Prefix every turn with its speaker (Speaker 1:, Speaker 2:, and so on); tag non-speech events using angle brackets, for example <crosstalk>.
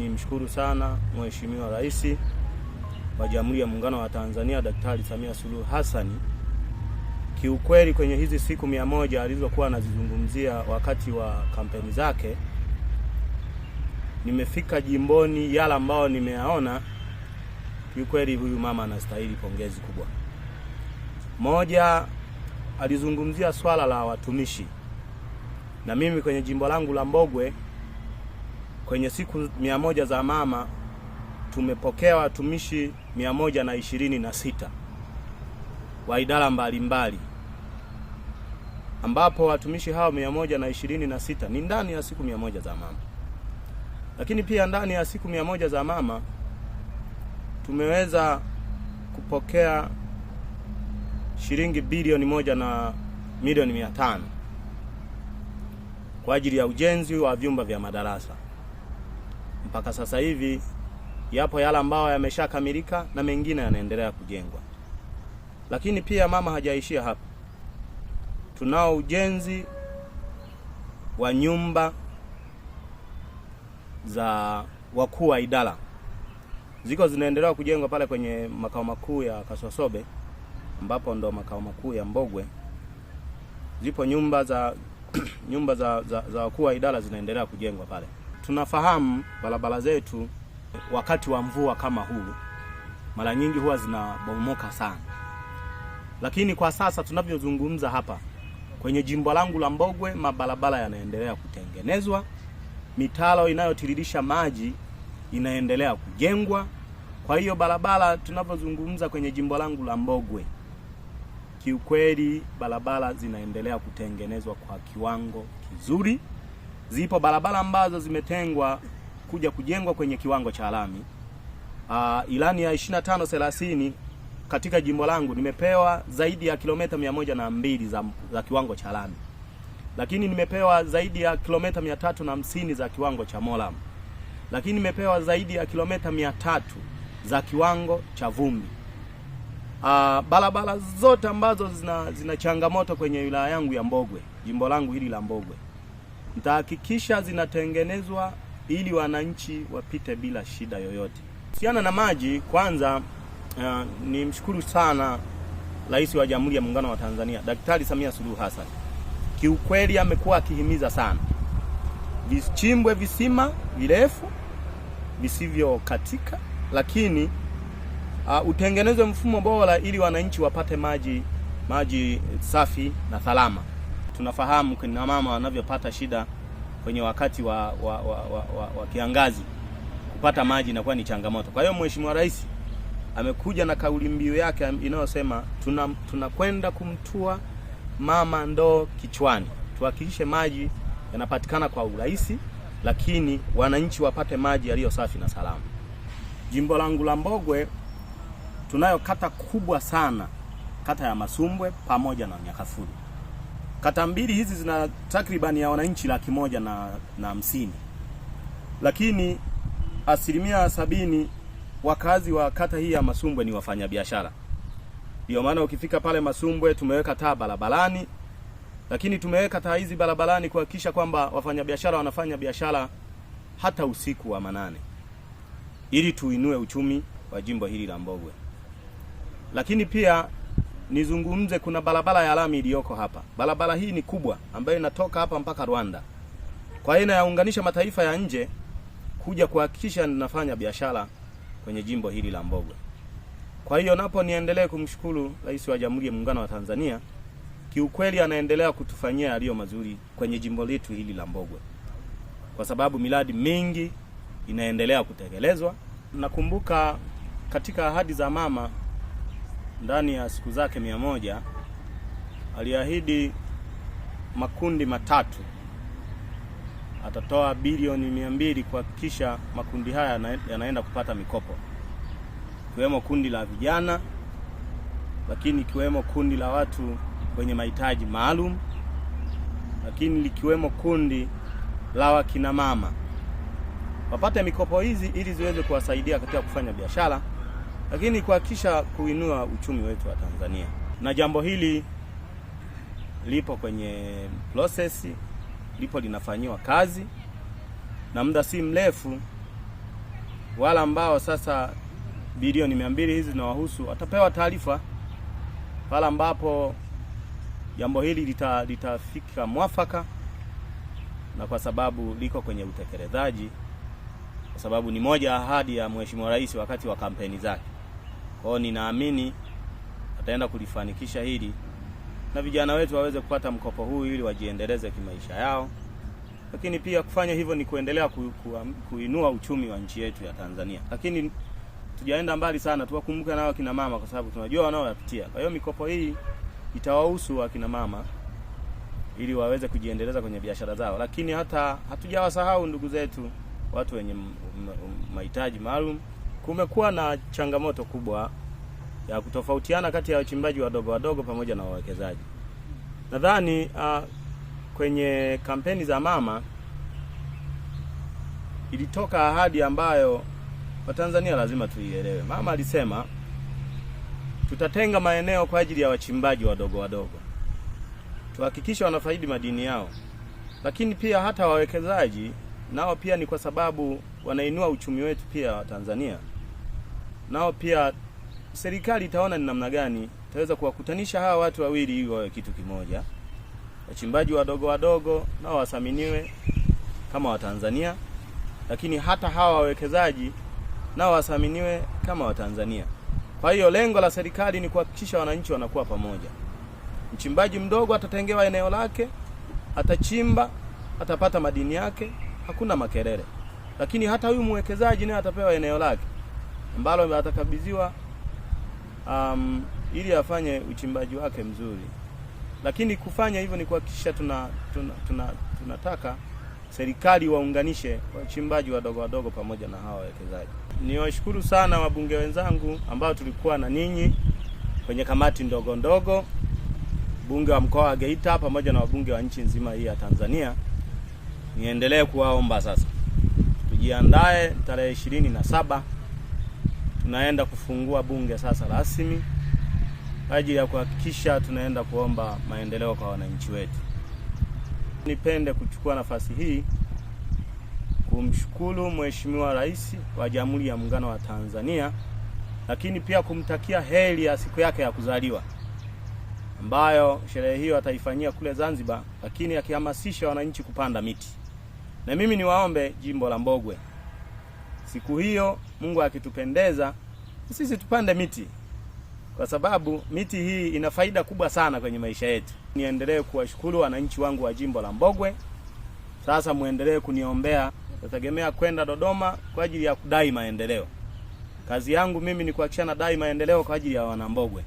Speaker 1: ni mshukuru sana Mheshimiwa Rais wa Jamhuri ya Muungano wa Tanzania Daktari Samia Suluhu Hassan. Kiukweli, kwenye hizi siku mia moja alizokuwa anazizungumzia wakati wa kampeni zake, nimefika jimboni, yala ambayo nimeyaona, kiukweli huyu mama anastahili pongezi kubwa. Moja, alizungumzia swala la watumishi, na mimi kwenye jimbo langu la Mbogwe kwenye siku mia moja za mama tumepokea watumishi mia moja na ishirini na sita wa idara mbalimbali ambapo watumishi hao mia moja na ishirini na sita ni ndani ya siku mia moja za mama, lakini pia ndani ya siku mia moja za mama tumeweza kupokea shilingi bilioni moja na milioni mia tano kwa ajili ya ujenzi wa vyumba vya madarasa. Mpaka sasa hivi yapo yale ambayo yameshakamilika na mengine yanaendelea kujengwa, lakini pia mama hajaishia hapa. Tunao ujenzi wa nyumba za wakuu wa idara, ziko zinaendelea kujengwa pale kwenye makao makuu ya kasosobe ambapo ndo makao makuu ya Mbogwe. Zipo nyumba za <clears throat> nyumba za, za, za wakuu wa idara zinaendelea kujengwa pale. Tunafahamu barabara zetu wakati wa mvua kama huu mara nyingi huwa zinabomoka sana, lakini kwa sasa tunavyozungumza hapa kwenye jimbo langu la Mbogwe mabarabara yanaendelea kutengenezwa, mitaro inayotiririsha maji inaendelea kujengwa. Kwa hiyo barabara tunavyozungumza kwenye jimbo langu la Mbogwe, kiukweli barabara zinaendelea kutengenezwa kwa kiwango kizuri. Zipo barabara ambazo zimetengwa kuja kujengwa kwenye kiwango cha lami. Uh, ilani ya 25 30 katika jimbo langu nimepewa zaidi ya kilomita mia moja na mbili za, za kiwango cha lami, lakini nimepewa zaidi ya kilomita mia tatu na hamsini za kiwango cha moram, lakini nimepewa zaidi ya kilomita mia tatu za kiwango cha vumbi. Uh, barabara zote ambazo zina, zina changamoto kwenye wilaya yangu ya Mbogwe, jimbo langu hili la Mbogwe Nitahakikisha zinatengenezwa ili wananchi wapite bila shida yoyote. Kuhusiana na maji, kwanza uh, eh, ni mshukuru sana Rais wa Jamhuri ya Muungano wa Tanzania Daktari Samia Suluhu Hassan. Kiukweli amekuwa akihimiza sana vichimbwe visima virefu visivyokatika, lakini uh, utengenezwe mfumo bora ili wananchi wapate maji maji safi na salama tunafahamu kina mama wanavyopata shida kwenye wakati wa, wa, wa, wa, wa, wa kiangazi kupata maji inakuwa ni changamoto. Kwa hiyo Mheshimiwa Rais amekuja na kauli mbiu yake inayosema tunakwenda tuna kumtua mama ndoo kichwani, tuhakikishe maji yanapatikana kwa urahisi, lakini wananchi wapate maji yaliyo safi na salama. Jimbo langu la Mbogwe tunayo kata kubwa sana, kata ya Masumbwe pamoja na Nyakafuli. Kata mbili hizi zina takriban ya wananchi laki moja na, na hamsini, lakini asilimia sabini wakazi wa kata hii ya Masumbwe ni wafanyabiashara. Ndio maana ukifika pale Masumbwe tumeweka taa barabarani, lakini tumeweka taa hizi barabarani kuhakikisha kwamba wafanyabiashara wanafanya biashara hata usiku wa manane ili tuinue uchumi wa jimbo hili la Mbogwe, lakini pia nizungumze, kuna barabara ya lami iliyoko hapa. Barabara hii ni kubwa, ambayo inatoka hapa mpaka Rwanda, kwa hiyo inayaunganisha mataifa ya nje kuja kuhakikisha ninafanya biashara kwenye jimbo hili la Mbogwe. Kwa hiyo napo niendelee kumshukuru Rais wa Jamhuri ya Muungano wa Tanzania, kiukweli anaendelea kutufanyia yaliyo mazuri kwenye jimbo letu hili la Mbogwe, kwa sababu miradi mingi inaendelea kutekelezwa. Nakumbuka katika ahadi za mama ndani ya siku zake mia moja aliahidi makundi matatu atatoa bilioni mia mbili kuhakikisha makundi haya yanaenda kupata mikopo, ikiwemo kundi la vijana, lakini ikiwemo kundi la watu wenye mahitaji maalum, lakini likiwemo kundi la wakinamama wapate mikopo hizi ili ziweze kuwasaidia katika kufanya biashara lakini kuhakikisha kuinua uchumi wetu wa Tanzania, na jambo hili lipo kwenye process, lipo linafanyiwa kazi, na muda si mrefu wala ambao sasa bilioni mia mbili hizi zinawahusu watapewa taarifa pale ambapo jambo hili litafika mwafaka, na kwa sababu liko kwenye utekelezaji, kwa sababu ni moja ahadi ya Mheshimiwa Rais wakati wa kampeni zake kwao, ninaamini ataenda kulifanikisha hili na vijana wetu waweze kupata mkopo huu ili wajiendeleze kimaisha yao, lakini pia kufanya hivyo ni kuendelea ku, ku, kuinua uchumi wa nchi yetu ya Tanzania. Lakini tujaenda mbali sana, tuwakumbuke nao akina mama, kwa sababu tunajua wanaoyapitia. Kwa hiyo mikopo hii itawahusu akina mama ili waweze kujiendeleza kwenye biashara zao, lakini hata hatujawasahau ndugu zetu, watu wenye mahitaji maalum. Kumekuwa na changamoto kubwa ya kutofautiana kati ya wachimbaji wadogo wadogo pamoja na wawekezaji. Nadhani uh, kwenye kampeni za mama ilitoka ahadi ambayo Watanzania lazima tuielewe. Mama alisema tutatenga maeneo kwa ajili ya wachimbaji wadogo wadogo, tuhakikishe wanafaidi madini yao, lakini pia hata wawekezaji nao pia ni kwa sababu wanainua uchumi wetu pia wa Tanzania nao pia serikali itaona ni namna gani itaweza kuwakutanisha hawa watu wawili ili wawe kitu kimoja, wachimbaji wadogo wadogo nao wathaminiwe kama Watanzania, lakini hata hawa wawekezaji nao wathaminiwe kama Watanzania. Kwa hiyo lengo la serikali ni kuhakikisha wananchi wanakuwa pamoja. Mchimbaji mdogo atatengewa eneo lake, atachimba, atapata madini yake, hakuna makelele. Lakini hata huyu mwekezaji naye atapewa eneo lake, ambalo atakabidhiwa um, ili afanye uchimbaji wake mzuri, lakini kufanya hivyo ni kuhakikisha tuna, tuna, tuna, tunataka serikali waunganishe wachimbaji wadogo wadogo pamoja na hawa wawekezaji. Niwashukuru sana wabunge wenzangu ambao tulikuwa na ninyi kwenye kamati ndogo ndogo, bunge wa mkoa wa Geita pamoja na wabunge wa nchi nzima hii ya Tanzania. Niendelee kuwaomba sasa, tujiandae tarehe ishirini na saba tunaenda kufungua bunge sasa rasmi kwa ajili ya kuhakikisha tunaenda kuomba maendeleo kwa wananchi wetu. Nipende kuchukua nafasi hii kumshukuru Mheshimiwa Rais wa Jamhuri ya Muungano wa Tanzania, lakini pia kumtakia heri ya siku yake ya kuzaliwa ambayo sherehe hiyo ataifanyia kule Zanzibar, lakini akihamasisha wananchi kupanda miti. Na mimi niwaombe jimbo la Mbogwe Siku hiyo Mungu akitupendeza, sisi tupande miti, kwa sababu miti hii ina faida kubwa sana kwenye maisha yetu. Niendelee kuwashukuru wananchi wangu wa jimbo la Mbogwe. Sasa muendelee kuniombea, nategemea kwenda Dodoma kwa ajili ya kudai maendeleo. Kazi yangu mimi ni kuhakikisha nadai maendeleo kwa ajili ya Wanambogwe.